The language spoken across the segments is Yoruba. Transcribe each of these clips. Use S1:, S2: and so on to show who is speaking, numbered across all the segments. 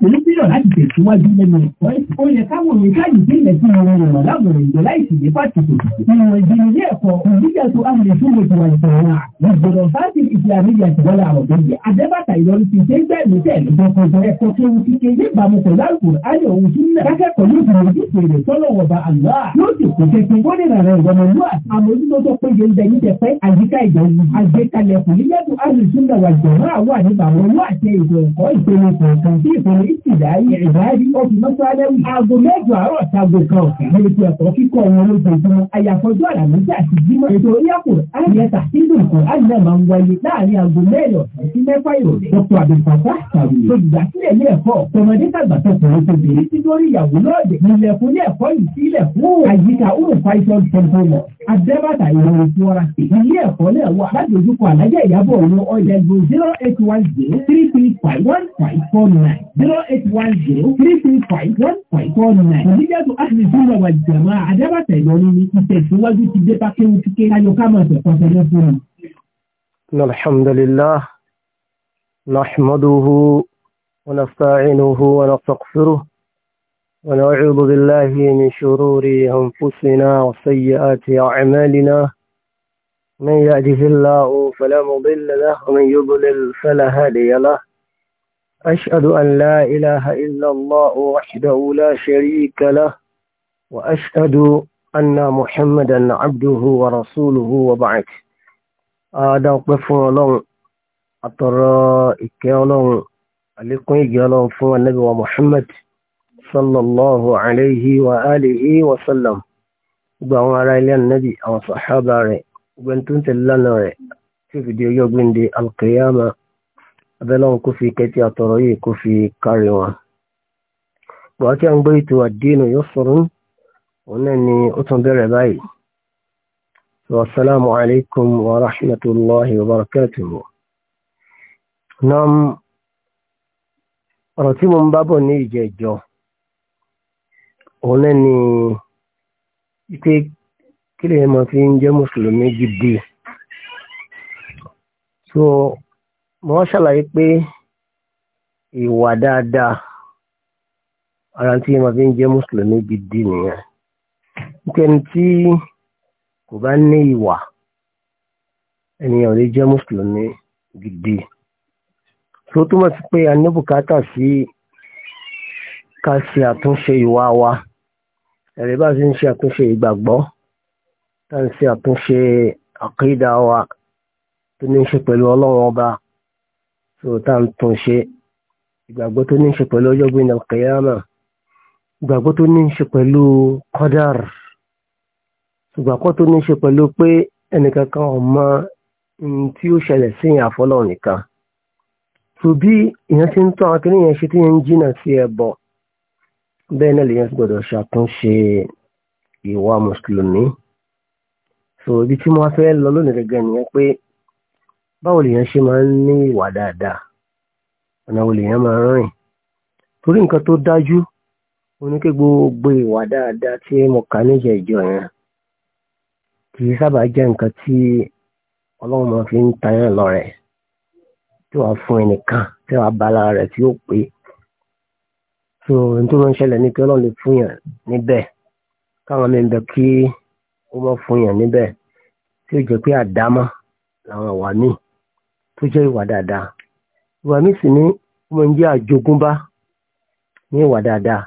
S1: pẹ̀lú bílọ̀ láti tẹ̀síwájú lẹ́nu ẹ̀kọ́ ó yẹ káwọn òye sí ilẹ̀ fún ọmọ rẹ̀ láwọn ìjọ láìsí ní pàtàkì nínú ìjìnlẹ̀ ẹ̀kọ́ òbíjà tó àwọn èso lè tiwa ìtọ̀ wọn wọn gbọdọ̀ fáàtì ìsìlámì ìyá ti wọlé ìlọrin ti ṣe gbẹ mí tẹ̀lé gbọ̀ngàn ẹ̀kọ́ tó ń bẹ ìpínlẹ̀ ìdáyé ìdáyé oṣù mọ́ṣáláwì. aago mẹ́jọ àárọ̀ ṣaago kan ọ̀sán. mo lè fi ẹ̀kọ́ kíkọ́ wọn lójoojúmọ́. àyàfọ́jọ́ àlàmísì àti jímọ̀. ètò oríyàpò àyẹ̀ta sídùn kan àyẹ̀lá máa ń wáyé láàárín aago mẹ́rin ọ̀sán sí mẹ́fà ìrọ̀lẹ́. dr abdulfata sàrùn. olùdásílẹ̀ ilé ẹ̀kọ́ Adẹ́bàtà ìròyìn fún ọ́ra. Ilé ẹ̀kọ́ náà wà ládojúkọ àlájẹ́ ìyábọ̀ ọ̀run ọ̀yà ìgbò zero eight one zero three three five one five four nine zero eight one zero three three five one five four nine. Ìdíjẹ́ àti ìfúnra wà jàmọ́ Adẹ́bàtà ìròyìn ní ìtẹ̀síwájú ti dé pákéwù kíkẹ́ ayọ̀ká máa tẹ̀kọ́ sẹ́lẹ̀ fún mi.
S2: Alhamdulillah, nahmaduhu, wa nasta'inuhu, wa nastaghfiruh. ونعوذ بالله من شرور أنفسنا وسيئات أعمالنا من يهده الله فلا مضل له ومن يضلل فلا هادي له أشهد أن لا إله إلا الله وحده لا شريك له وأشهد أن محمدا عبده ورسوله وبعد هذا وقف الله أترى إكيالون عليكم إجيالون فوى النبي ومحمد sallallahu alayhi wa alihi wa sallam gbogbo àwọn ará ilé ànábì àwọn sàhábà rẹ̀ gbogbo ẹni tó ń tẹ̀lé lánàá rẹ̀ tí ó fi di ọjọ́ gbéǹde alkiyama abẹ́lọ́run kó fi kẹ́tí àtọ̀rọ̀ yìí kó fi kárí wọn. gbogbo àti àwọn gbé ètò àdínù yóò sọ̀rọ̀ òun náà ni ó tún bẹ̀rẹ̀ báyìí. Assalamu alaikum wa rahmatullahi wa barakatuhu. Nam, ọ̀rọ̀ tí mo ń bábọ̀ ní ìjẹjọ́, òun náà ni wípé kí lè mọ fi ń jẹ́ mùsùlùmí gidi so mo wá ṣàlàyé pé ìwà dáadáa ara tí mo fi ń jẹ́ mùsùlùmí gidi nìyẹn nítorí tí kò bá ní ìwà ènìyàn ò lè jẹ́ mùsùlùmí gidi so túmọ̀ sí pé a ní bùkátà sí ká ṣe àtúnṣe ìwà wa ẹ̀rí bá ṣe ń ṣe àtúnṣe ìgbàgbọ́ tá ń ṣe àtúnṣe àkídà wa tó ní ṣe pẹ̀lú ọlọ́run ọba tó tá ń tún ṣe ìgbàgbọ́ tó ní ṣe pẹ̀lú ọjọ́ gbé náà kẹyàmà ìgbàgbọ́ tó ní ṣe pẹ̀lú kọ́dàr ìgbàgbọ́ tó ní ṣe pẹ̀lú pé ẹnìkankan ọmọ tí ó ṣẹlẹ̀ sí àfọlọ́ nìkan tó bí ìyẹn ti ń tọ́ akínníyàn ṣe tí yẹn ń jìnnà sí ẹbọ bẹ́ẹ̀ náà lèyàn gbọ́dọ̀ ṣàtúnṣe ìwà mùsùlùmí so ibi tí mo fẹ́ lọ lónìí gẹ́gẹ́ nìyẹn pé báwo lèyàn ṣe máa ń ní ìwà dáadáa ọ̀nà wo lèyàn máa ń rìn torí nǹkan tó dájú oníké gbogbo ìwà dáadáa tí mo kà níjà ìjọ yẹn kì í sábà jẹ́ nǹkan tí ọlọ́run máa fi ń tayán lọ rẹ̀ tí wàá fún ẹnìkan tí wàá bá lára rẹ̀ tí ó pé so n tó máa ń ṣẹlẹ̀ ní pé ọlọ́run lè fún yàn níbẹ̀ káwọn mi ń bẹ kí ó mọ̀ fún yàn níbẹ̀ tí ó jẹ́ pé àdámọ́ làwọn ìwà míì tó jẹ́ ìwà dáadáa ìwà míì sì ní ọmọ ń jẹ́ àjogúnbá ní ìwà dáadáa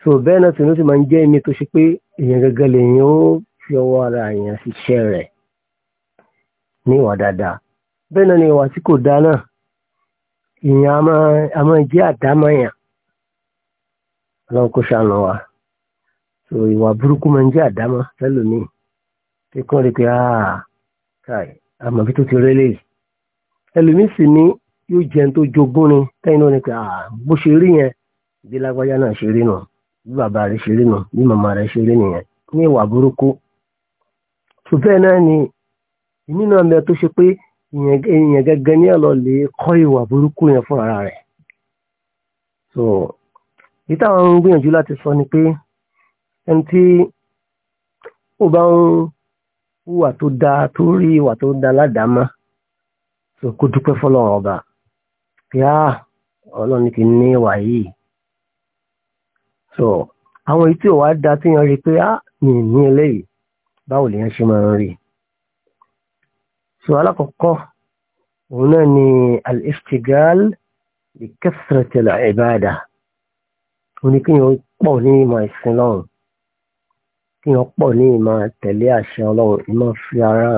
S2: so bẹ́ẹ̀ náà sì ló sì máa ń jẹ́ ẹni tó ṣe pé èèyàn gẹ́gẹ́ lèèyàn ó fi ọwọ́ ara èèyàn ṣiṣẹ́ rẹ̀ ní ìwà dáadáa bẹ́ẹ̀ náà ni ìwà tí kò dáa náà èèyàn a máa jẹ́ àdámọ́ yàn ọlọ́run kò ṣàánú wa so ìwà burúkú máa ń jẹ́ àdámọ́ lẹ́lòmíì tí kàn rí pé ah, káì àmọ́bí tó ti rélé yìí ẹlòmíì sì ní yóò jẹun tó jogún ni tẹ́yìn náà ni pé ah, bó ṣe rí yẹn bí lágbájá náà ṣe rí nù bí bàbá rẹ̀ ṣe rí nù bí màmá rẹ̀ ṣe rí nìyẹn ní ìwà burúkú so bẹ́ẹ̀ náà ni ìmí náà tó ṣe pé ìyẹn gẹ́gẹ́ ní ọ̀lọ́ kọ́ ìwà burúkú yẹn fún ara rẹ̀ so èyí táwọn ń gbìyànjú láti sọ ni pé ẹni tí ó bá ń hùwà tó dáa tó rí ìwà tó dáa ládàámá tó kó dúpẹ́ fọlọ́run ọba pé á ọlọ́run ti ní ìwà yìí so àwọn èyí tí ò wá da tí yẹn rí pé á ní ní eléyìí báwo lèyàn ṣe máa ń rí so alákọ̀ọ́kọ́ òun náà ni al-istigal bi kasratil ibada. ó ní kíyàn pọ̀ ní ìmọ̀ ìsìn lọ́run kíyàn pọ̀ ní ìmọ̀ tẹ̀lé àṣẹ ọlọ́run ìmọ̀ fi ara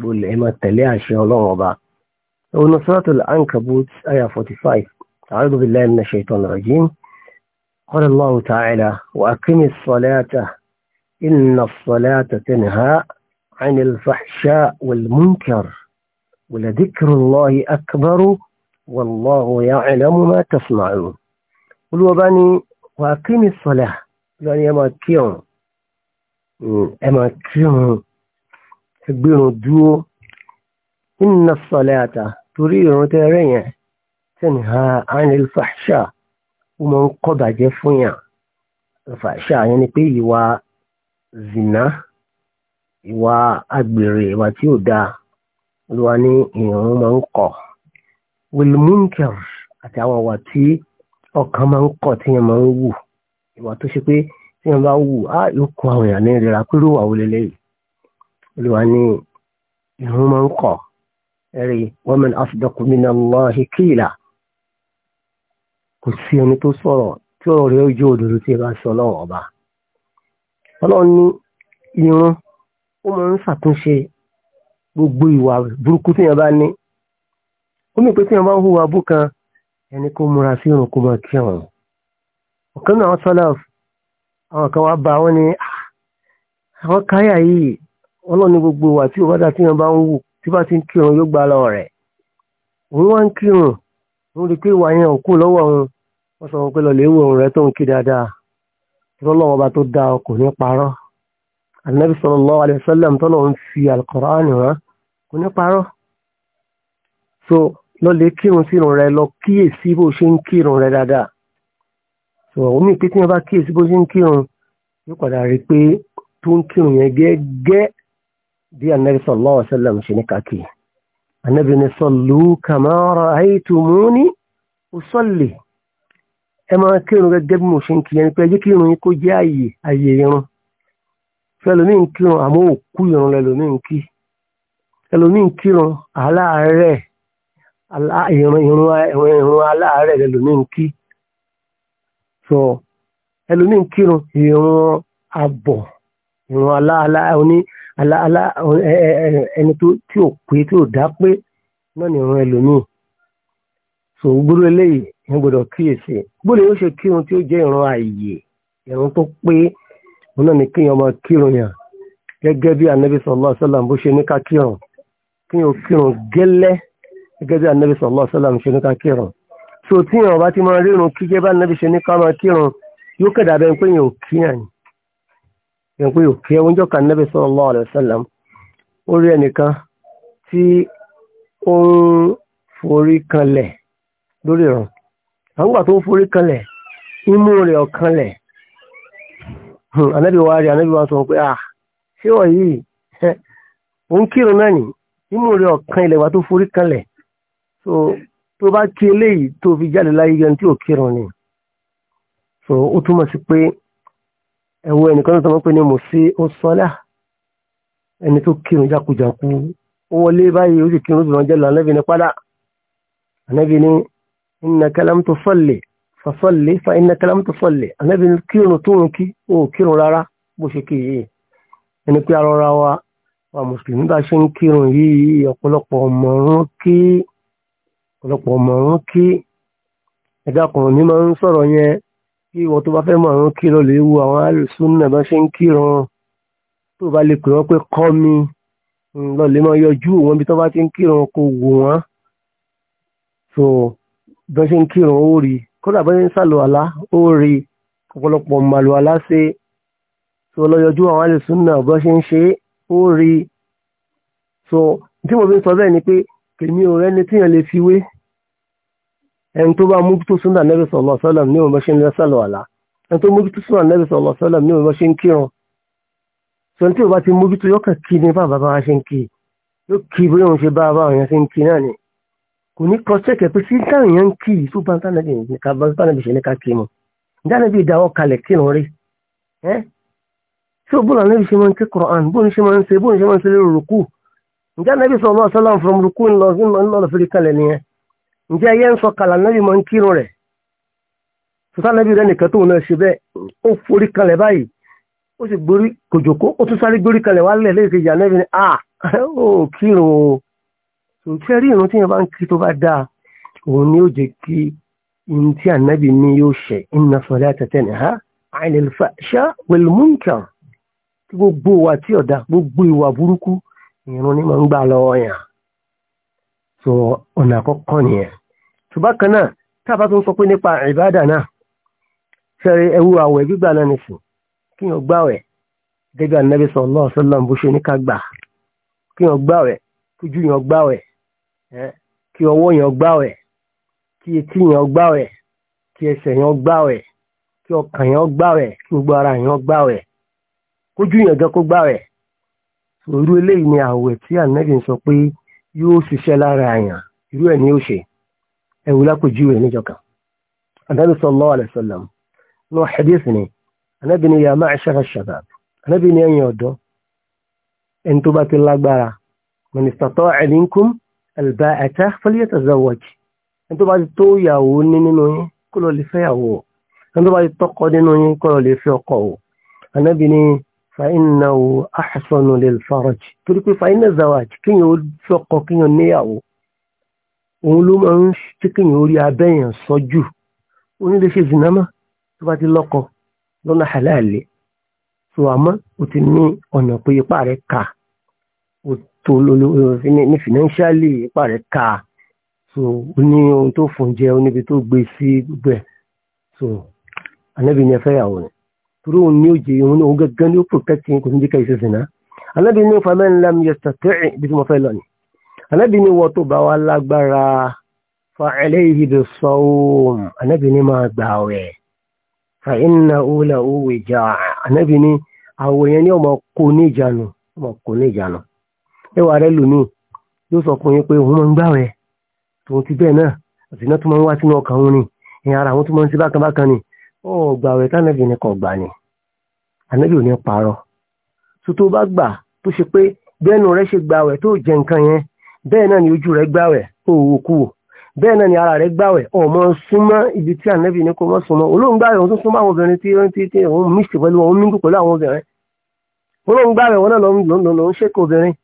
S2: gbolẹ̀ ìmọ̀ tẹ̀lé àṣẹ ọlọ́run ọba. ọ̀nà suratul Ankabut aya forty five a'udhu billahi minash shaitanir rajim qala Allahu ta'ala wa aqimis salata inna as-salata tanha 'anil fahsha'i wal munkar ولذكر الله أكبر والله يعلم ما تصنعون olúwọba ní wà kí ni sọ̀lá lọ́ni ẹ máa kí ọ̀run hmm, ẹ máa kí ọ̀run ẹgbẹ́rún dúró inna sọ̀lẹ́ta torí ìrún tẹ́ rẹ̀ yẹn tẹ́ni ha anil fàṣà ó máa ń kọ́bàjẹ́ fún yàn fàṣà yẹn ni pé ìwà zina ìwà agbèrè ìwà tí ò dáa olúwa ní ìrún máa ń kọ̀ wilmunkar àti àwọn ìwà tí ọkàn máa ń kọ̀ tí yẹn máa ń wù ìwà tó ṣe pé tí yẹn bá wù á yóò kó àwọn èèyàn ní ìrora pé ló wà wọlé lẹ́yìn olùwà ni ìrun máa ń kọ̀ ẹ̀rí wa man asdaqu minallahi qila kò sí ẹni tó sọ̀rọ̀ tí ọ̀rọ̀ rẹ̀ ojú òdòdó tí ẹ bá sọ ọlọ́run ọba ọlọ́run ní irun ó máa ń ṣàtúnṣe gbogbo ìwà burúkú tí yẹn bá ní ó ní pé tí yẹn bá ń hùwà bú kan ẹni kó múra sí irun kó máa kí àwọn ọ̀kan náà sọ́lá àwọn kan wá bá wọn ni ah, àwọn káyà yìí wọn lọ ní gbogbo wà tí òbádà tí wọn bá ń wù tí bá ti ń kírun yóò gbà lọ rẹ òun wá ń kírun òun rí i pé ìwà yẹn ò kú lọ́wọ́ òun wọ́n sọ wọn pé lọ́ọ́ lè wo òun rẹ tó ń kí dáadáa tọ́lọ́wọ́ ọba tó da ọkọ̀ ní parọ́ anabi sallallahu alaihi wasallam tọ́lọ́wọ́ ń fi alukọ̀rọ̀ ànìwọ̀n kò ní parọ́ so lọ́lẹ̀ kírun sírun rẹ lọ kíyèsí bó ṣe ń kírun rẹ dáadáa ṣùgbọ́n omi pé tí wọ́n bá kíyèsí bó ṣe ń kírun yóò padà rí pé tó ń kírun yẹn gẹ́gẹ́ bí anabi sallallahu alaihi wasallam ṣe ní kàkì anabi ní sallu kama ra'aytumuni usalli ẹ máa kírun gẹ́gẹ́ bí mo ṣe ń kí yẹn pé ẹ jẹ́ kírun yín kó jẹ́ àyè àyè irun fẹlòmí ń kírun àmọ́ òkú irun lẹlòmí ń kí ẹlòmí kírun àláàárẹ̀ ìrún aláàárẹ̀ lẹ́lòmí ń kí so ẹlòmí ń kírun ìrún abọ̀ ìrún aláàlá oní aláàlá ẹni tí ò pé tí ò dá pé náà ni ìrún ẹlòmí so gbúrú eléyìí ń gbọdọ̀ kíyèsí gbọ́dọ̀ yóò ṣe kírun tí ó jẹ́ ìrún ààyè ìrún tó pé òun náà ni kíyàn ọmọ kírun yàn gẹ́gẹ́ bí anabi sallallahu alaihi wasallam bó ṣe ní ká kírun kíyàn kírun gẹ́lẹ́ gẹ́gẹ́ bí anabi sallallahu alaihi wasallam ṣe ní ká kírun so tí yàn bá ti máa rírun kí gẹ́gẹ́ bí anabi ṣe ní ká máa kírun yóò kẹ̀dà bẹ́ẹ̀ pé yàn ò kí yàn ni yàn pé yàn ò kí ẹ̀wọ́n jọ́ka anabi sallallahu alaihi wasallam ó rí ẹnìkan tí ó ń forí kanlẹ̀ lórí ìrun àwọn ìgbà tó ń forí kanlẹ̀ imú rẹ̀ ọ̀kanlẹ̀ anabi wa rí anabi wa sọ pé ah ṣé wọ̀ yìí òun kírun náà ni imú rẹ̀ ọ̀kan ilẹ̀ wa tó forí kanlẹ̀ so tó bá kí eléyìí tó fi jáde láyé gan tí ò kírun ni so ó túmọ̀ sí pé ẹ̀wọ̀ ẹnìkan tó tọ́ pé ní mo sí ó sọ́lá ẹni tó kírun jákujàku
S1: ó wọlé báyìí ó sì
S2: kírun ó sì ránjẹ́ lọ ànábì ní padà ànábì ní innaka lam tusalli fasalli fa innaka lam tusalli ànábì ní kírun tó ń kí ó kírun rárá bó ṣe kí yìí ẹni pé arọra wa wa mùsùlùmí bá ṣe ń kírun yìí ọ̀pọ̀lọpọ̀ ọmọrún kí ọ̀pọ̀lọpọ̀ mọ̀ ń kí ẹ̀dá kan ní máa ń sọ̀rọ̀ yẹn kí ìwọ tó bá fẹ́ mọ̀ ń kí lọ lè wo àwọn alùsùnà bá ṣe ń kírun tó bá lè pè wọ́n pé kọ́ mi lọ lè máa yọjú wọn bí tó bá ti ń kírun kò wò wọ́n so bá ṣe ń kírun ó rí kódà bá ṣe ń sàlù àlá ó rí ọ̀pọ̀lọpọ̀ màlù àlá ṣe so lọ yọjú àwọn alùsùnà bá ṣe ń ṣe ó rí so tí mo fi ń sọ bẹ́ẹ̀ ni pé kèmí ò rẹ́ni tíyàn lè fi wé ẹni tó bá mójútó súnà nẹ́bí sọ̀lọ́ sọ́lọ́m ní òun bá ṣe ń lẹ́sàlọ̀ àlá ẹni tó mójútó súnà nẹ́bí sọ̀lọ́ sọ́lọ́m ní òun bá ṣe ń kírun sọ̀rọ̀ tí o bá ti mójútó yọ kàn kí ni bá bàbá wa ṣe ń kí yóò kí bí òun ṣe bá bá òun ṣe ń kí náà ni kò ní kọ ṣẹ́kẹ̀ pé sí táwọn èèyàn ń kí yìí tó bá tánàbì ṣe ní ká kí mu ìdánàbì ìdáwọ́ kalẹ̀ kírun rí ẹ́ sọ̀rọ̀ sọ́lọ́m from rúkú ńlọ sí ńlọ fẹ́rẹ́ kalẹ̀ nìyẹn ǹjẹ́ ẹyẹ ń sọ kàlà náà yìí máa ń kírun rẹ̀ sọ́sánàbí rẹ̀ nìkan tóun náà ṣe bẹ́ẹ̀ ó forí kalẹ̀ báyìí ó sì gborí kòjòkó ó tún sáré gborí kalẹ̀ wálẹ̀ lẹ́yìn kejì ànábì ni à ah, ó kírun o ṣòṣẹ́ rí irun tí yẹn bá ń kí tó bá dáa òun ni ó jẹ́ kí irun tí ànábì ní yóò ṣẹ̀ inna salata tanha 'anil fahsha wal munkar gbogbo ìwà tí ọ̀dà gbogbo ìwà burúkú ìrun ni máa ń gbà lọ́wọ́ yàn so ọ̀nà àkọ́kọ́ nìyẹn ṣùgbọ́n kan náà tábà tó ń sọ pé nípa ìbádà náà ṣẹ́rí ẹwú àwẹ̀ gbígbà náà nìsín kí wọ́n gbàwẹ̀ gẹ́gẹ́ ànábì sallallahu alaihi wasallam bó ṣe ní ká gbà kí wọ́n gbàwẹ̀ kójú yẹn gbàwẹ̀ kí ọwọ́ yẹn gbàwẹ̀ kí etí yẹn gbàwẹ̀ kí ẹsẹ̀ yẹn gbàwẹ̀ kí ọkàn yẹn gbàwẹ̀ kí gbogbo ara yẹn gbàwẹ̀ kójú yẹn gan kó gbàwẹ̀ òru eléyìí ni àwẹ̀ tí ànábì sọ pé yóò ṣiṣẹ́ lára àyàn irú ẹ̀ ni yóò ṣe ẹ̀wù lápòjúwe níjọka anábì sallallahu alaihi wasallam ní hadith ni anábì ni ya ma'ashara shabab anábì ni ẹ̀yìn ọ̀dọ́ ẹni tó bá ti lágbára man istata'a minkum alba'ata falyatazawwaj ẹni tó bá ti tó ìyàwó ní nínú yín kó lọ lè fẹ́ ìyàwó ẹni tó bá ti tọ́kọ nínú yín kó lè fẹ́ ọkọ o anábì ni فإنه أحسن للفرج تقول فإن الزواج كن يقول فقه كن ينيعه òun ló máa ń tí kéèyàn orí abẹ́yàn sọ́jú onílé ṣe zinama tó bá ti lọ́kọ lọ́nà àláàlè so àmọ́ o ti ní ọ̀nà pé ipá rẹ̀ kà o tó ní financially ipá rẹ̀ kà so o ní ohun tó fún jẹ o tó gbé sí gbẹ so ànábì ẹ fẹ́ yàwó ni turu òun ní òjè òun òun gẹ́gẹ́ ní ó protect yín kò ní jẹ́ ká ìṣe sìnà anábì ní faman lam yastati' bí tí mo fẹ́ lọ ni anábì ní wọ́n tó bá wá lágbára fa alayhi bis-sawm anábì ní máa gbààwẹ̀ fa innahu lahu wija' anábì ní àwọ̀ yẹn ní ọmọ kò ní ìjánu ọmọ kò ní ìjánu ẹwà rẹ lù mí yóò sọ fún yín pé òun máa ń gbààwẹ̀ tòun ti bẹ́ẹ̀ náà àti iná tó máa ń wá sínú ọkàn òun ni ìyára àwọn tó máa ń ṣe bákan bákan ni ó gbàwẹ̀ tánàbì ni kò gbà ni ànábì ò ní parọ́ tó tó bá gbà tó ṣe pé bẹ́ẹ̀nu rẹ ṣe gbàwẹ̀ tó jẹ nǹkan yẹn bẹ́ẹ̀ náà ni ojú rẹ gbàwẹ̀ ó wò kú wò bẹ́ẹ̀ náà ni ara rẹ̀ gbàwẹ̀ ọmọ súnmọ́ ibi tí ànábì ní kò mọ́ súnmọ́ olóhùn gbàwẹ̀ òun tó súnmọ́ àwọn obìnrin tí ó ń tí òun mixed pẹ̀lú òun mingu pẹ̀lú àwọn obìnrin olóhùn gbàwẹ̀ òun náà ló ń ṣèkè obìnrin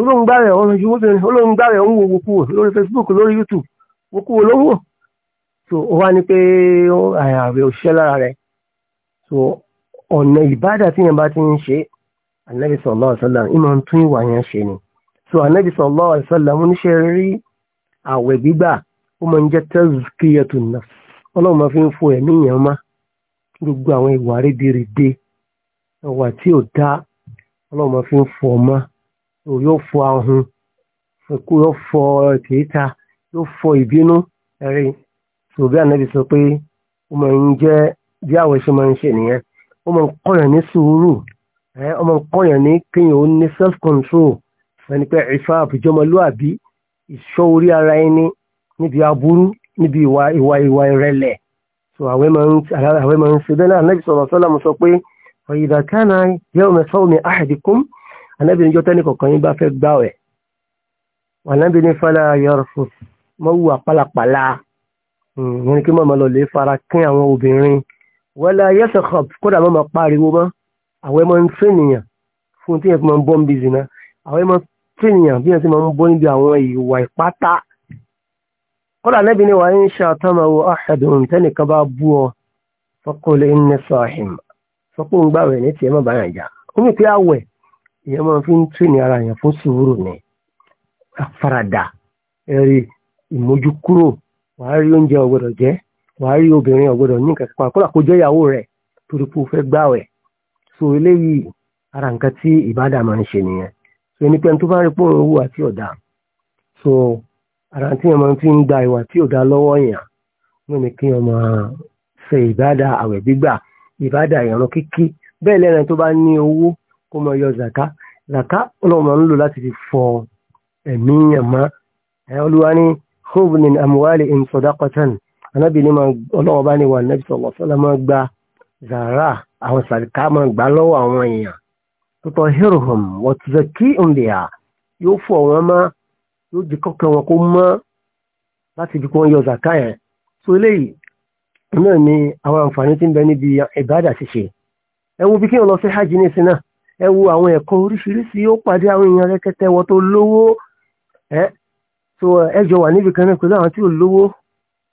S2: olóhùn gbàwẹ̀ òun ju obìnrin olóhùn gbàwẹ̀ òun wo wòkúwò lórí Facebook lórí YouTube wòkúwò ló ń wò so ó wá ní pé ààwẹ̀ òṣìṣẹ́ lára rẹ̀ so ọ̀nà ìbádà tí yẹn bá ti ń ṣe ànábì sallallahu alaihi ìmọ̀ so ànábì sallallahu alaihi wasallam oníṣẹ́ rí ààwẹ̀ gbígbà ó máa ń jẹ́ tazkiyatun nafs ọlọ́run máa fi ń fo ẹ̀mí yẹn má gbogbo àwọn ìwà rédèrèdè ìwà tí ò dá ọlọ́run máa fi ń fọ ọmọ yóò fọ ahun yóò fọ kèéta yóò fọ ìbínú ṣòbí ànábì sọ pé ó máa ń jẹ́ bí àwọn ṣe máa ń ṣe nìyẹn ó máa ń kọ́yàn ní sùúrù ó máa ń kọ́yàn ní kéèyàn ó ní self control ẹni pé ìfá àbújọmọlúàbí ìṣọ́ orí ara ẹni níbi aburú níbi ìwà ìwà ìwà ìrẹ̀lẹ̀ so àwẹ́ máa ń ṣe bẹ́ẹ̀ náà ànábì sọ̀rọ̀ sọ́lá mo sọ pé ọ̀yìnbá kánà yẹ́ omi sọ́ọ̀mì ahadikum ànábì níjọ́ tẹ́nì kọ̀ọ̀kan yín bá fẹ́ gbáwẹ̀ ànábì ní fala yarfus mọ́wù àpálàpàlà ìyẹn hmm, ni kí màmá lọ lè fara kín àwọn obìnrin wala yatakhab kódà màmá pariwo mọ́ àwọn ẹ̀ máa ń fẹ́nìyàn fún tí yẹn fi máa ń bọ́ níbi ìsìn náà àwọn ẹ̀ máa ń fẹ́nìyàn bí máa ń bọ́ níbi àwọn ìwà ìpátá kódà Ànábì ni wàá ń ṣàtọ́mọ̀wò ahadun tẹ́nìkan bá bú ọ fọ́kànlẹ̀ inna sahim sọ́kùn ń gbàwẹ̀ ní tiẹ̀ má bàyàn jà ó ní pé àwẹ̀ ìyẹn máa fi ń tìní ara yẹn fún sùúrù ni àfaradà ẹ̀rí ìmójúkúrò wàá rí oúnjẹ ọ̀gbọ́dọ̀ jẹ wàá rí obìnrin ọ̀gbọ́dọ̀ ní nǹkan kan kódà kó jẹ́ ìyàwó rẹ̀ torí pé o fẹ́ so eléyìí ara nǹkan tí ìbádà máa ń ṣe nìyẹn so ẹni pé ẹni tó bá rí pòrò owó àti ọ̀dà so ara tí ọmọ ti ń gba ìwà tí ọ̀dà lọ́wọ́ yàn ní ni kí ọmọ ṣe ìbádà àwẹ̀ gbígbà ìbádà ìrun kíkí bẹ́ẹ̀ lẹ́nu tó bá ní owó kó mọ yọ zàká zàká ọlọ́run ń lò láti fi fọ ẹ̀mí yàn mọ́ ẹ̀ olúwa khub min amwalihim sadaqatan anábì ní ọlọ́wọ́ bá ní wà nẹ́bí sọ̀rọ̀ sọ́lá máa gba zàrà àwọn sàríkà máa gbà lọ́wọ́ àwọn èèyàn tuntun hiruhum wọ́túnṣe kí n bì á yóò fọ wọn mọ́ yóò láti di yọ zàká yẹn so eléyìí náà ni àwọn àǹfààní tí ń bẹ níbi ìbádà ṣíṣe ẹ wo bí kí n lọ sí hajj ní ìsìn ẹ wo àwọn ẹ̀kọ́ oríṣiríṣi ó pàdé àwọn èèyàn rẹ̀kẹ̀tẹ̀ wọn tó lówó ẹ so ẹjọ wà níbi kan náà pẹ̀lú àwọn tí ò lówó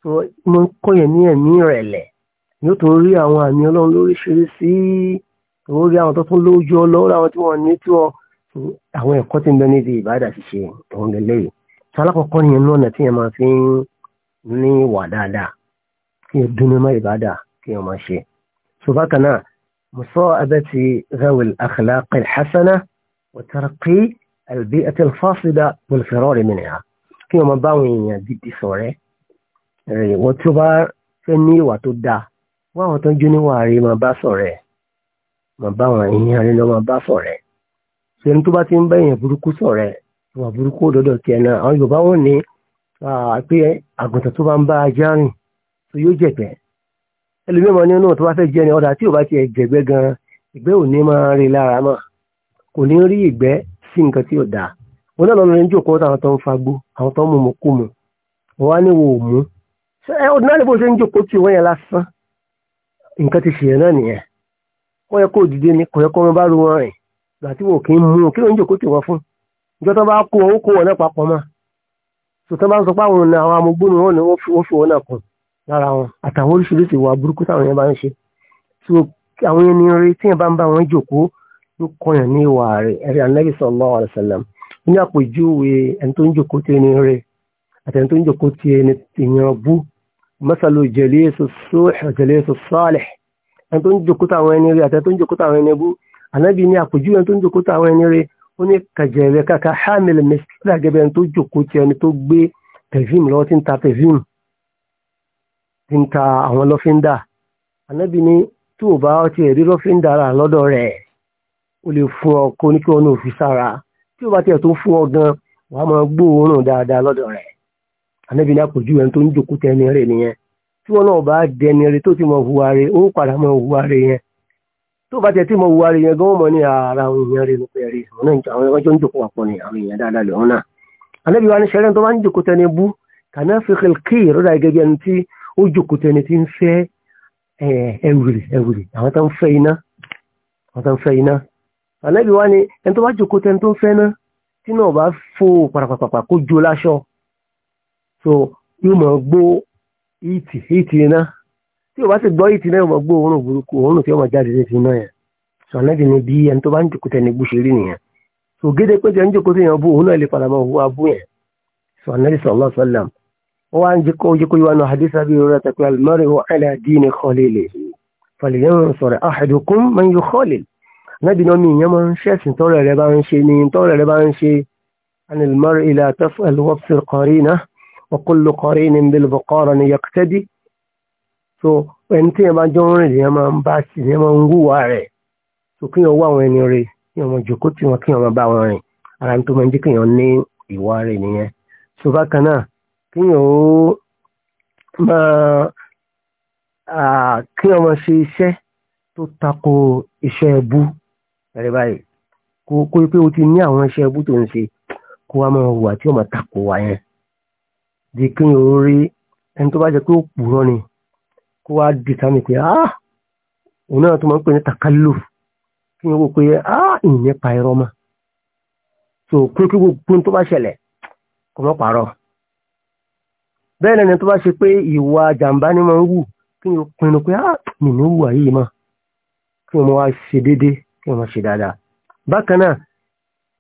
S2: so mo ń kọyàn ní ẹ̀mí ìrẹ̀lẹ̀ yóò tún rí àwọn àmì ọlọ́run lóríṣiríṣi owó rí àwọn tó tún lójú ọlọ́run àwọn tí wọ́n ní tí wọ́n àwọn ẹ̀kọ́ tí ń bẹ níbi ìbáàdà ṣíṣe òun lélẹ́yìí so alákọ̀ọ́kọ́ ni inú ọ̀nà tí yẹn máa fi ń ní ìwà dáadáa kí yẹn dúnú mọ́ ìbáàdà kí yẹn máa ṣe so bákan náà مصاحبة ذوي الأخلاق الحسنة وترقي البيئة الفاصلة والفرار منها kí ọmọ báwọn èèyàn gidi ṣọ̀rẹ́ ìwọ tí ó bá fẹ́ ní ìwà tó dáa wọ́n àwọn tó ń jó níwà rí máa bá ṣọ̀rẹ́ máa bá àwọn èèyàn rí lọ́ máa bá ṣọ̀rẹ́ ṣẹ́ni tó bá ti ń bá èèyàn burúkú ṣọ̀rẹ́ ìwà burúkú òdòdó tiẹ̀ náà àwọn Yorùbá wọn ní pé àgùntàn tó bá ń bá ajá rìn tó yóò jẹ̀gbẹ́ ẹlòmíràn nínú tó bá fẹ́ jẹ ni ọ̀dà tí ò bá tiẹ̀ jẹ̀gbẹ́ gan ìgbẹ́ ò ní máa rí lára mọ́ kò ní rí ìgbẹ́ sí nǹkan tí ò dáa wọn náà lọ́nà níjò kọ́ táwọn tó ń fagbó àwọn tó ń mọ̀mọ́ kò mọ̀ wọn á ní wo ò mú ẹ ordinary bó ṣe ń jòkó tí wọ́n yẹn lásán nǹkan ti ṣèyàn náà nìyẹn wọ́n yẹ kó dìde ní kọ̀yẹ́ kọ́ wọn bá ru wọn rìn gbàtí wọn kì í mú kí ló ń jòkó tì wọ́n fún ìjọ tó bá kó wọn ó kó wọn náà papọ̀ mọ́ sòtọ́ bá ń sọ pé àwọn àwọn amúgbóni wọn ni wọ́n fi wọn náà kùn lára wọn àtàwọn oríṣiríṣi ìwà burúkú táwọn yẹn bá ń ṣe so àwọn ẹni rí tí yẹn bá ń bá wọn jòkó ló kọyàn ní ìwà rẹ̀ ẹ̀rí Ànábì sallallahu alaihi wasallam ní àpèjúwe ẹni tó ń jòkó tí ẹni rẹ̀ àti ẹni tó ń jòkó tí ẹni tìyàn bú masalu jalisu suh jalisu salih ẹni tó ń jòkó táwọn ẹni rẹ̀ àti ẹni tó ń jòkó táwọn ẹni bú ànábì ní àpèjúwe ẹni tó ń jòkó táwọn ẹni rẹ̀ ó ní kàjẹ̀rẹ̀ kàkà hamil mẹ́sìlá gẹ́gẹ́ ẹni tó jòkó tí ẹni tó gbé pẹ̀fíìmù lọ́wọ́ tí ń ta pẹ̀fíìmù tí ń ta àwọn lọ́fíńdà ànábì ní tí ò bá ti ẹ̀rí lọ́fíńdà rà lọ́dọ̀ rẹ̀ ó lè fún ọkọ oníkẹ́ ọ̀nà òfin sára tí ó bá tiẹ̀ tó fún ọ gan wàá máa gbóòórùn dáadáa lọ́dọ̀ rẹ̀ anábì ní àpòjú ẹni tó ń jòkó tẹni rẹ̀ nìyẹn tí wọn náà bá dẹni rẹ̀ tó ti mọ hùwà rẹ̀ ó padà mọ hùwà rẹ̀ yẹn tó bá tiẹ̀ tí mọ hùwà rẹ̀ yẹn gan wọ́n mọ̀ ní ara àwọn èèyàn rẹ̀ nípa ẹ̀rí àwọn ẹjọ́ ń jòkó àpọ̀ ní àwọn èèyàn dáadáa lọ́wọ́ náà anábì wa ní sẹ́rẹ́ tó bá ń jòkó tẹni bú kàná fi ànábì wá ní ẹni tó bá jòkó tẹni tó ń fẹ́ ná tí náà bá fò pàràpàpàpà kó jó láṣọ so yóò mọ̀ gbó ìtì ìtì iná tí o bá ti gbọ́ ìtì náà yóò mọ̀ gbó òórùn burúkú òórùn tí ó mọ̀ jáde ní ti iná yẹn so ànábì ni bí ẹni tó bá ń jòkó tẹni bú rí nìyẹn so gédé pé tẹni jòkó tẹni bú òun náà lè padà máa hu abú yẹn so ànábì sallallahu alaihi wasallam wọ́n wá ń jẹ́ kó jẹ́ kó yíwá náà hadith Abi Hurayrah taqwa al-mar'u ala dini khalilihi falyanzur nẹ́bí náà mi ìyẹn máa ń ṣẹ̀sìn tọ́rọ̀ rẹ bá ń ṣe ni tọ́rọ̀ rẹ bá ń ṣe anilmar ilà tẹ́fọ́ ẹlọ́fẹ́ qarina wa kullu qarinin bil buqarani yaqtadi so ẹni tí yẹn bá jọ ń rìn yẹn máa ń bá sí yẹn máa ń wúwa rẹ̀ so kí yẹn wá àwọn ẹni rẹ̀ kí yẹn máa jòkó tí wọn kí yẹn máa bá wọn rìn ara tó máa ń jẹ́ kí yẹn ní ìwà rẹ̀ nìyẹn so bákan náà kí yẹn ó máa kí wọ́n máa ṣe iṣẹ́ tó tako iṣẹ́ ẹbú ẹ̀rẹ́ báyìí kó kó pé o ti ní àwọn iṣẹ́ ẹbú tó ń ṣe kó wa máa hùwà tí ó máa takò yẹn di kí n ò rí ẹni tó bá jẹ pé ó purọ́ ni kó wa dì sámi pé ah òun náà tó máa ń pè ní takaluf kí n wò pé ah ìyìn nípa irọ́ mọ́ so kó kí gbogbo tó bá ṣẹlẹ̀ kó má parọ́ bẹ́ẹ̀ lẹ́ni tó bá ṣe pé ìwà jàǹbá ni máa ń wù kí n pinnu pé ah mi ní wù àyè mọ́ kí n wá ṣe déédéé kí wọ́n ṣe dáadáa bákan náà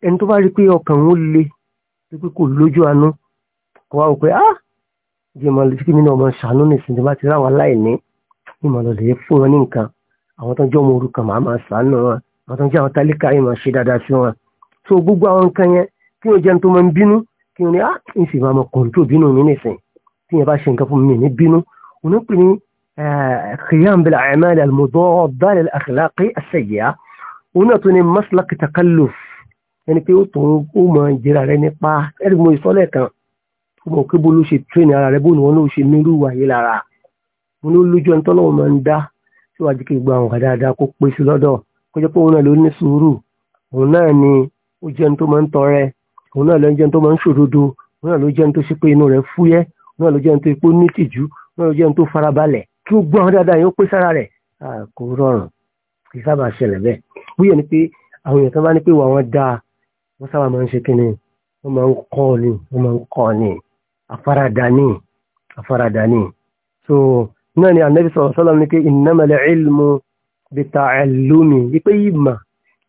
S2: ẹni tó bá rí pé ọkàn wọn le rí pé kò lójú àánú kò wá wò pé ah jẹ́ mọ̀ lè kí mi náà mọ̀ ṣàánú nìsín tí bá ti ráwọn aláìní ní mọ̀ lọ lè fún wọn ní nǹkan àwọn tó ń jọ́ ọmọ òrukàn màá máa ṣàánú wọn àwọn tó ń jẹ́ àwọn tálíkà yìí máa ṣe dáadáa sí wọn so gbogbo àwọn nǹkan yẹn kí wọ́n jẹun tó máa ń bínú kí wọ́n ní ah n sì máa mọ kọ̀ǹtò bínú mi nìsín tí yẹn bá ṣe nǹkan fún mi ní bínú òun pè ní eh, qiyam òun náà tún ní maslak takalluf ẹni pé ó tún ó mọ ìjẹra rẹ nípa ẹni mo ìsọlẹ̀ kan ó mọ̀ pé bó ló ṣe tírénì ara rẹ bó ni wọn ló ṣe nírú wàyí lára mo ló lójú ẹni tọ́lọ́wọ́ máa ń dá síwájú kí gbọ́ àwọn ọ̀gá dáadáa kó pé sí lọ́dọ̀ kó jẹ́ pé òun náà ló ní sùúrù òun náà ni ó jẹ́ ẹni tó máa ń tọrẹ òun náà ló jẹ́ ẹni tó máa ń ṣòdodo òun náà ló jẹ́ ẹni tó ṣe pé inú rẹ̀ fúyẹ́ òun náà ló jẹ́ ẹni tó farabalẹ̀ kí ó dáadáa yẹn pé sára rẹ̀ kò rọrùn kì í sábà ṣẹlẹ̀ bẹ́ẹ̀ bóyá ni pé àwọn èèyàn kan bá ní pé wà wọ́n dáa wọ́n sábà máa ń ṣe kí ni wọ́n máa ń kọ́ ni wọ́n máa ń kọ́ ni àfaradà ni àfaradà ni so náà ni anabi sọ̀rọ̀ sọ́lá ní pé innamal ilmu bita'allumi wípé ìmà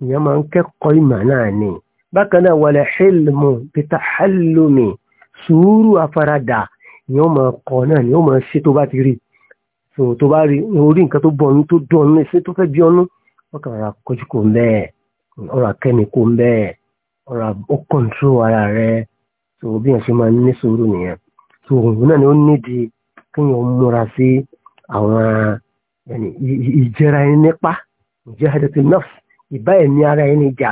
S2: ìyẹn máa ń kẹ́kọ̀ọ́ ìmà náà ni bákan náà wal hilmu bitahallumi sùúrù àfaradà ìyẹn máa kọ́ náà ni ó máa ṣe tó bá ti rí so tó bá rí orí nǹkan tó bọ̀ ọ́nú tó dùn ọ́nú ẹ̀sìn tó fẹ́ bí ọ́nú ọkàn ara kọjú kò ń bẹ́ẹ̀ ọ̀rọ̀ akẹ́ni kò ń bẹ́ẹ̀ ọ̀rọ̀ ó kọ̀ǹtró ara rẹ̀ so bí yẹn ṣe máa ń ní sùúrù nìyẹn so òun náà ni ó nídìí kéèyàn múra sí àwọn ìjẹra ẹni nípa ìjẹ́hadẹ́tì nọ́ọ̀sì ìbá ẹ̀mí ara ẹni jà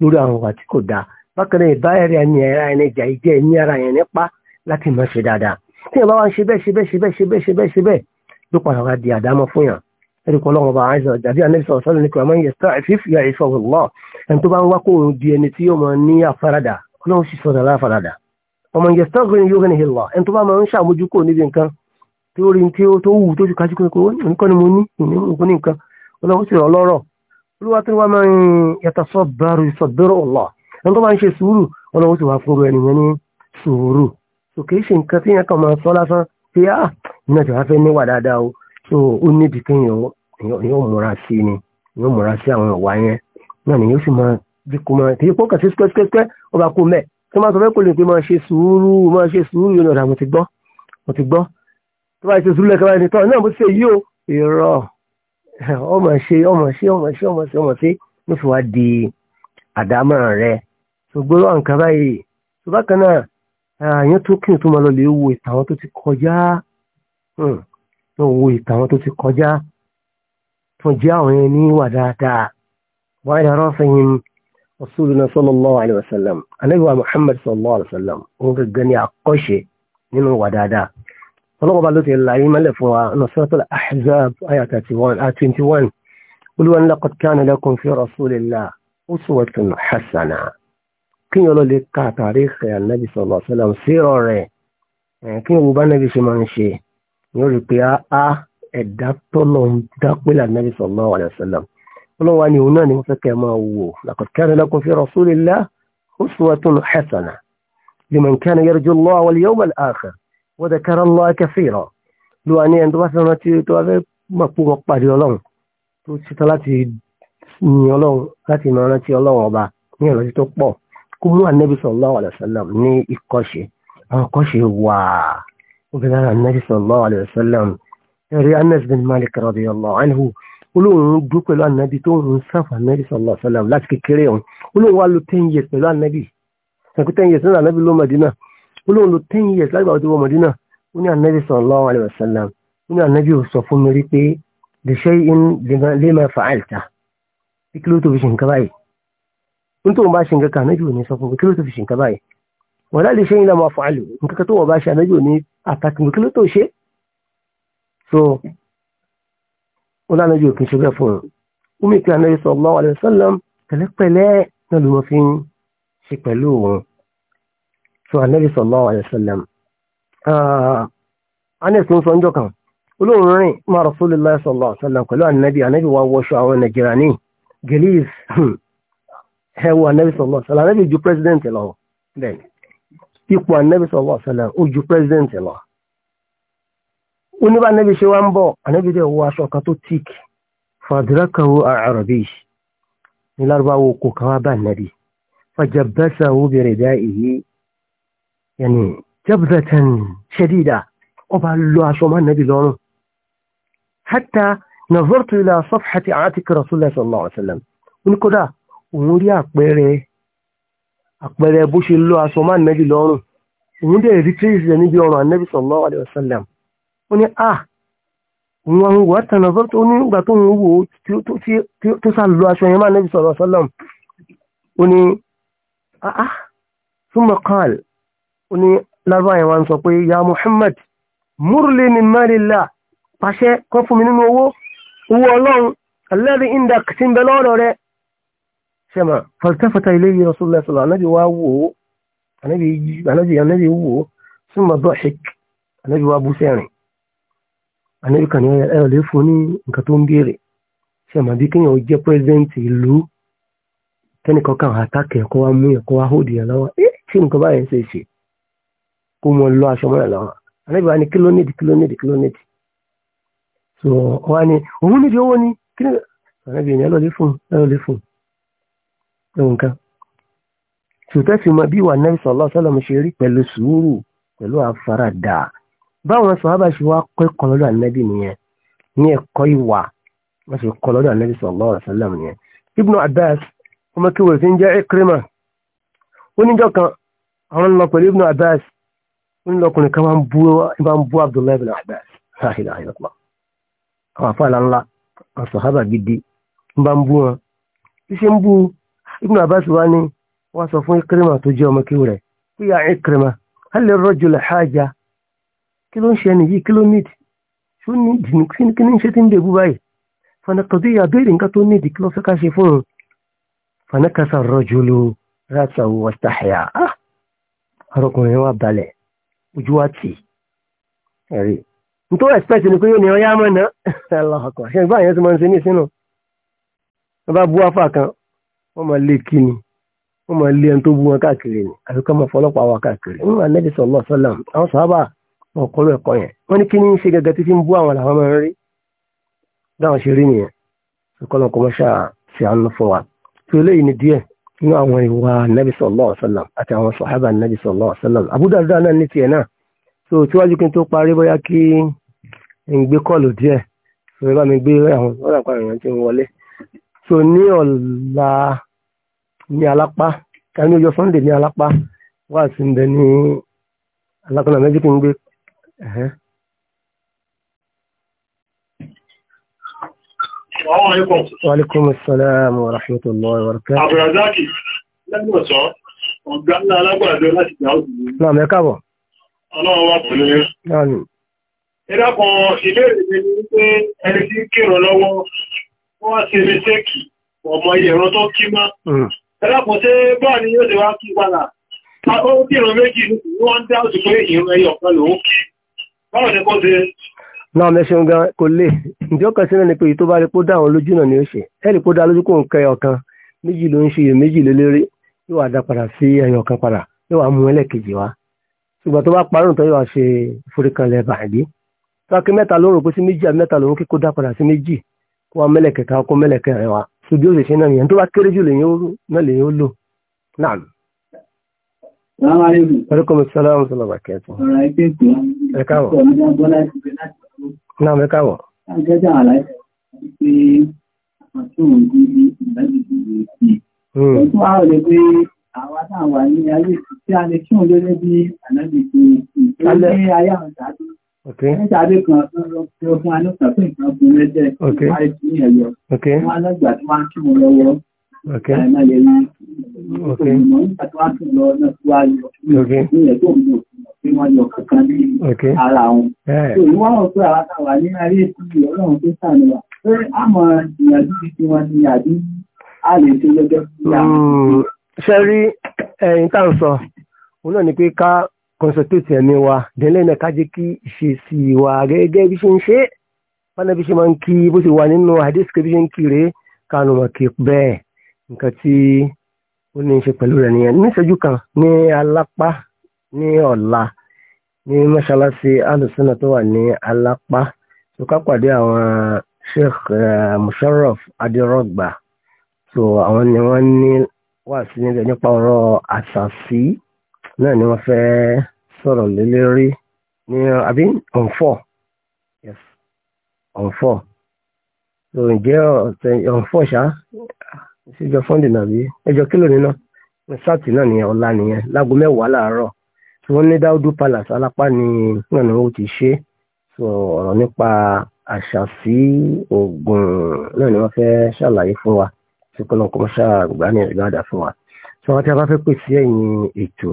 S2: lórí àwọn ìwà tí kò dáa bákan náà ìbá ẹ̀mí ara ẹni jà ìjẹ́ ẹ̀mí ara ẹni nípa láti máa ṣe dáadáa ló padà wá di àdámọ́ fún yàn ẹni kọ́ lọ́wọ́ bá àìsàn àjàdí anẹ́sàn sọ́lẹ̀ ní kìlọ̀ mọ́yìn yẹ̀sítà ìfífì àìsàn lọ́ ẹni tó bá ń wá kó o di ẹni tí yóò mọ ní àfaradà ọlọ́run sì sọ̀rọ̀ láfaradà ọmọ yẹ̀sítà gbẹ̀yìn yóò hẹ́ni hìlọ̀ ẹni tó bá máa ń ṣàmójú níbi nǹkan tí rí tí ó tó wù tó ju kájú pé nǹkan ni mo ní nǹkan ní nǹkan ọlọ́run sì rọ̀ lọ́rọ̀ olúwa tí wọ́n máa ń yàtọ̀ sọ bẹ̀rù sọ bẹ̀rù ọ̀lọ́ ẹni tó bá ń ṣe sùúrù ọlọ́run sì wà fún ẹni yẹn ní nígbà tí wọ́n fẹ́ níwà dáadáa o so ó níbi kéèyàn yóò múra sí ni yóò múra sí àwọn ìwà yẹn náà ni yóò sì máa bí kò máa tèyí pọ́kà sí sikẹ́sikẹ́sikẹ́ ó bá kó mẹ́ tó máa sọ fẹ́ kó lè pé máa ṣe sùúrù máa ṣe sùúrù yóò lọ́dà mo ti gbọ́ mo ti gbọ́ tó bá ṣe sùúrù lẹ́kẹ́ báyìí tọ́ náà mo ti ṣe yí o irọ́ ọmọ ṣe ọmọ ṣe ọmọ ṣe ọmọ ṣe ọmọ ṣe ló fi wá di àdámọ́ rẹ̀ ṣògbóró àǹkà báyìí ṣùgbọ́n kan náà àyàn tó kí n tó máa lọ lè wo ìtàwọn tó ti kọjá náà hmm. wo ìtàn àwọn tó ti kọjá tó jẹ́ àwọn ẹni wà dáadáa wọ́n yẹn rán fẹ́yìn rasulina sallallahu alaihi wasallam anabi wa muhammad sallallahu alaihi wasallam òun gẹ́gẹ́ ní àkọ́ṣe nínú wà dáadáa ọlọ́wọ́ bá ló ti là yín mẹ́lẹ̀ fún wa ọ̀nà suratul ahzab ayah thirty one ah twenty one olúwan laqad kana lakum fi rasulillah uswatun hasana kínyìn ló ṣe máa ń ṣe yóò rí pé á ah, ah, ẹ̀dá tọ́lọ̀ ń dápẹ́ lànà bí sallallahu alaihi wasallam ọlọ́run wa ni òun náà ni wọ́n fẹ́ kẹ́ ẹ máa wò laqad kana lakum fi rasulillahi uswatun hasana liman kana yarju Allah wal yawmal akhir wa dhakara Allah kathira ló wà ní ẹni tó bá fẹ́ràn tí tó bá fẹ́ mọ̀ pé wọ́n pàdé ọlọ́run tó ṣetán وبناء على النبي صلى الله عليه وسلم rí anas bin malik radiyallahu anhu olóhùn dú pẹ̀lú anabi tó ń sáfà anabi sallallahu alaihi wasallam láti kékeré ọ̀hún olóhùn wa lo ten years pẹ̀lú anabi ẹ̀kú ten years nínú anabi ló Madina olóhùn lo ten years lágbàá tó wọ Madina ó ní anabi sallallahu alaihi wasallam ó ní anabi ò sọ fún mi rí pé lè ṣe in lima fa'alta kí ló tó fi ṣe nǹkan báyìí nítorí wọn bá ṣe nǹkan kan anabi ò ní sọ fún mi kí ló tó fi ṣe nǹkan báyìí wọ́n láti ṣe ìlànà àfààlù nǹkan tó wọ́n bá ṣe ànájò ní àtàkùn kí ló tó ṣe so wọ́n lánàjò kì í ṣe bẹ́ẹ̀ fún un ó mì pé ànájò sallallahu alaihi wasallam pẹ̀lẹ́pẹ̀lẹ́ náà ló fi ń ṣe pẹ̀lú òun so ànájò sallallahu alaihi wasallam anes ah, ló ń sọ ọjọ́ kan olóòrùn rìn máa Rasulullah sallallahu alaihi wasallam pẹ̀lú ànábì ànábì wa wọṣọ àwọn nàìjíríà ní gẹ̀líìs ẹ̀wọ̀ ànábì sallallahu alaihi wasallam ju pírẹsidẹ́ǹtì lọ bẹ́ẹ̀ ipò ànábì sallallahu alaihi wasallam ó ju pírẹsidẹ́ǹtì lọ. ó ní bá ànábì ṣe wá ń bọ̀ ànábì dẹ̀ wọ aṣọ kan tó tíìk fadrakahu àròbí ní lárúbáwò kò kan wá bá ànábì fajabasahu biridaihi yẹnì jabdatan shadida ọba lọ aṣọ mọ́ ànábì lọ́rùn. hatta nazartu ila safhati atik rasulillah sallallahu alaihi àpẹẹrẹ bó ṣe lọ aṣọ máa nẹ́bí lọ́rùn òun dẹ̀ rí tírísì rẹ̀ níbi ọ̀rọ̀ ànẹ́bí sallallahu alaihi wasallam ó ní à ah, wọn wà tànà fọ́ tó ní ìgbà tó ń wò ó tó sá lọ aṣọ yẹn máa nẹ́bí sallallahu alaihi wasallam ó ní àá súnmọ́ kàl ó ní lárúbá yẹn wá ń sọ pé ya Muhammad múrùlé min malillah pàṣẹ kọ́ fún mi nínú owó owó ọlọ́run alladhi indak tí ń bẹ lọ́rọ̀ rẹ̀ ṣẹ́mà fàtàfàtà ilé yìí rasulullah sallallahu anábì wá wò ó anábì wò ó súnmọ́ dọ́ṣík anábì wá bú sẹ́rìn anábì kan ní ẹ̀rọ lè fún ní nǹkan tó ń béèrè ṣẹ́mà bí kéèyàn jẹ́ pírẹ́sidẹ́ǹtì ìlú kẹ́nìkan kan àtàkì ẹ̀kọ́ wa mú ẹ̀kọ́ wa hóòdì ẹ̀ lọ́wọ́ ẹ̀ ṣé nǹkan báyẹn ṣe ṣe kó mọ lọ aṣọ mọ́ra lọ́wọ́ anábì wá ní kí ló nídìí kí ló nídìí kí nǹkan sòtẹ́sì mọ bí wà nẹ́bí sọ̀lọ́ sọ́lọ́mù ṣe rí pẹ̀lú sùúrù pẹ̀lú àfaradà báwọn sọ̀hábà ṣe wá kọ́ ẹ̀kọ́ lọ́dọ̀ ànẹ́bí nìyẹn ní ẹ̀kọ́ ìwà wọ́n ṣe kọ́ lọ́dọ̀ ànẹ́bí sọ̀lọ́ sọ́lọ́mù nìyẹn Ibn Abbas ọmọ kíwèé ti ń jẹ́ Ikrima oníjọ́ kan àwọn ń lọ pẹ̀lú Ibnu Abbas ń kan máa ń bú Abdullahi Abbas àwọn ńlá ibn abbas wa ni wọ́n sọ fún ikrima tó jẹ́ ọmọ kíwù rẹ̀ kí ya ikrima hal ar-rajul haja kí ló ń ṣe ẹni yìí kí ló nídìí ṣó nídìí ní kí ní ṣe ti ń dèbú báyìí fanakọ̀dé ya béèrè nǹkan tó nídìí kí ló fẹ́ ká ṣe fún un fanakasa ar-rajulu rasahu wastahya ọ̀rọ̀kùnrin wa ah! balẹ̀ ojú wa tì ẹ̀rí nítorí ẹ̀sìpẹ́tì ni pé yóò ní ọyá mọ́ náà ṣe ń bá àyẹ̀sí máa ń ṣe wọ́n máa lé kí ni wọ́n máa lé ẹni tó bú wọn káàkiri ni àfi ká máa fọlọ́pàá wa káàkiri ń wà nẹ́bí sọ̀lọ́ sọ́làm àwọn sàhábà wọn kọ́ ẹ̀kọ́ yẹn wọ́n ní kí ni ṣe gẹ́gẹ́ tí fi ń bú àwọn làwọn máa ń rí dáhùn ṣe rí nìyẹn ìkọlọ̀ kọ́ ṣe àánú fún wa tí ni díẹ̀ nínú àwọn ìwà nẹ́bí sọ́làm àti àwọn sọ́làm náà ní tiẹ̀ náà so tíwájú kí n so ní ọ̀la ní alápá ẹni ọjọ́ sunday ní alápá wà sí ń bẹ ní alákùnrin méjì kí n gbé ẹ̀hẹ́. Wa alaikum assalam wa rahmatullahi wa
S1: barakatuh. ọ̀gá ńlá alágbàdo láti gbà òkú. Náà mẹ́ka bọ̀. Ọlọ́run wá pẹ̀lú yẹn. Náà ìbéèrè mi ni wípé ẹni tí ń kírun lọ́wọ́ wọ́n hmm.
S2: náà mẹ́ṣẹ́ gan kò lè ǹdí ọkàn sínú ni pé tó bá rí kó dá àwọn náà ni ó ṣe ẹ̀rí kó dá lójú kó ń kẹ́ ọ̀kan méjì ló ń ṣe iye méjì lélẹ́rí yóò wá dá padà sí ẹ̀yìn ọ̀kan padà yóò wá mú ẹlẹ́kejì wá ṣùgbọ́n tó bá parun tán yóò wá ṣe ìforíkanlẹ̀ bàdí tó akí mẹ́ta ló pé sí méjì àbí mẹ́ta lòun kí dá padà sí méjì kó wa mẹ́lẹ̀kẹ̀ kan kó mẹ́lẹ̀kẹ̀ rẹ̀ wa ṣojú ó lè ṣe náà nìyẹn tó bá kéré jù lèyìn ó náà lèyìn ó lò náà. Assalamu alaikum. Alaikum assalam wa rahmatullahi wa barakatuh. Ẹ káàbọ̀. Náà ẹ káàbọ̀.
S1: Àjẹ́jà àlàyé pé àtúntò ní ìdájọ́ ìdíje sí. Ẹ tún àwọn ọ̀rẹ́ pé àwa táwọn wà ní ayé tí a lè kí òun lé lé bí ànágbèsè ìgbàlẹ́ ayé àwọn tàbí ok nígbàdé kan tí ó fún anúkàtún ìkan fún ẹgbẹ́ láìsí ní ẹ̀yọ́ wọn alágbà tí wọ́n kí wọn lọ́wọ́ àìmáyé ní ìgbìmọ̀ nígbà
S2: ṣe rí ẹyin tá ń sọ òun náà ni pé ká consultate ẹ̀mí wa dẹ́lẹ́ náà ká jẹ́ kí ṣe sí wa gẹ́gẹ́ bí ṣe ń ṣe bọ́nà bí ṣe máa ń kí bó ṣe wà nínú àdéṣìkè bí ṣe ń kí rèé kánú wọn kì í bẹ́ẹ̀ nǹkan tí ó ní í ṣe pẹ̀lú rẹ̀ nìyẹn níṣẹ́jú kan ní alápá ní ọ̀la ní mọ́ṣáláṣí alùsùnà tó wà ní alápá tó ká àwọn sheikh eh, musharraf adirogba so àwọn ni wọ́n ní wàásù níbẹ̀ nípa ọ̀rọ̀ àṣàṣì náà ni wọ́n fẹ́ sọ̀rọ̀ lé lérí ní àbí on four yes on four so ǹjẹ́ on four ṣá ìṣèjọ fọ́ndì náà bí ẹjọ́ kílò nínú sáàtì náà nìyẹn ọ̀la nìyẹn láago mẹ́wàá láàárọ̀ tí wọ́n ní dáúdú palace alápá ni náà ni wọ́n ti ṣe so ọ̀rọ̀ nípa àṣà sí oògùn náà ni wọ́n fẹ́ ṣàlàyé fún wa tí kọ́lọ́n kọ́mọ́ṣà gbà ní ìgbàdà fún wa tí wọ́n ti bá fẹ́ pèsè ẹ̀yìn ètò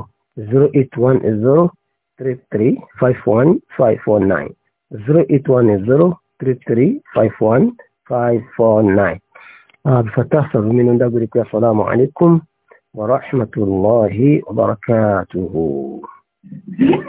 S2: zero eight one zero three three five one five four nine zero eight one zero three three five one five four nine. بالفتاة من دبر السلام
S1: عليكم ورحمة الله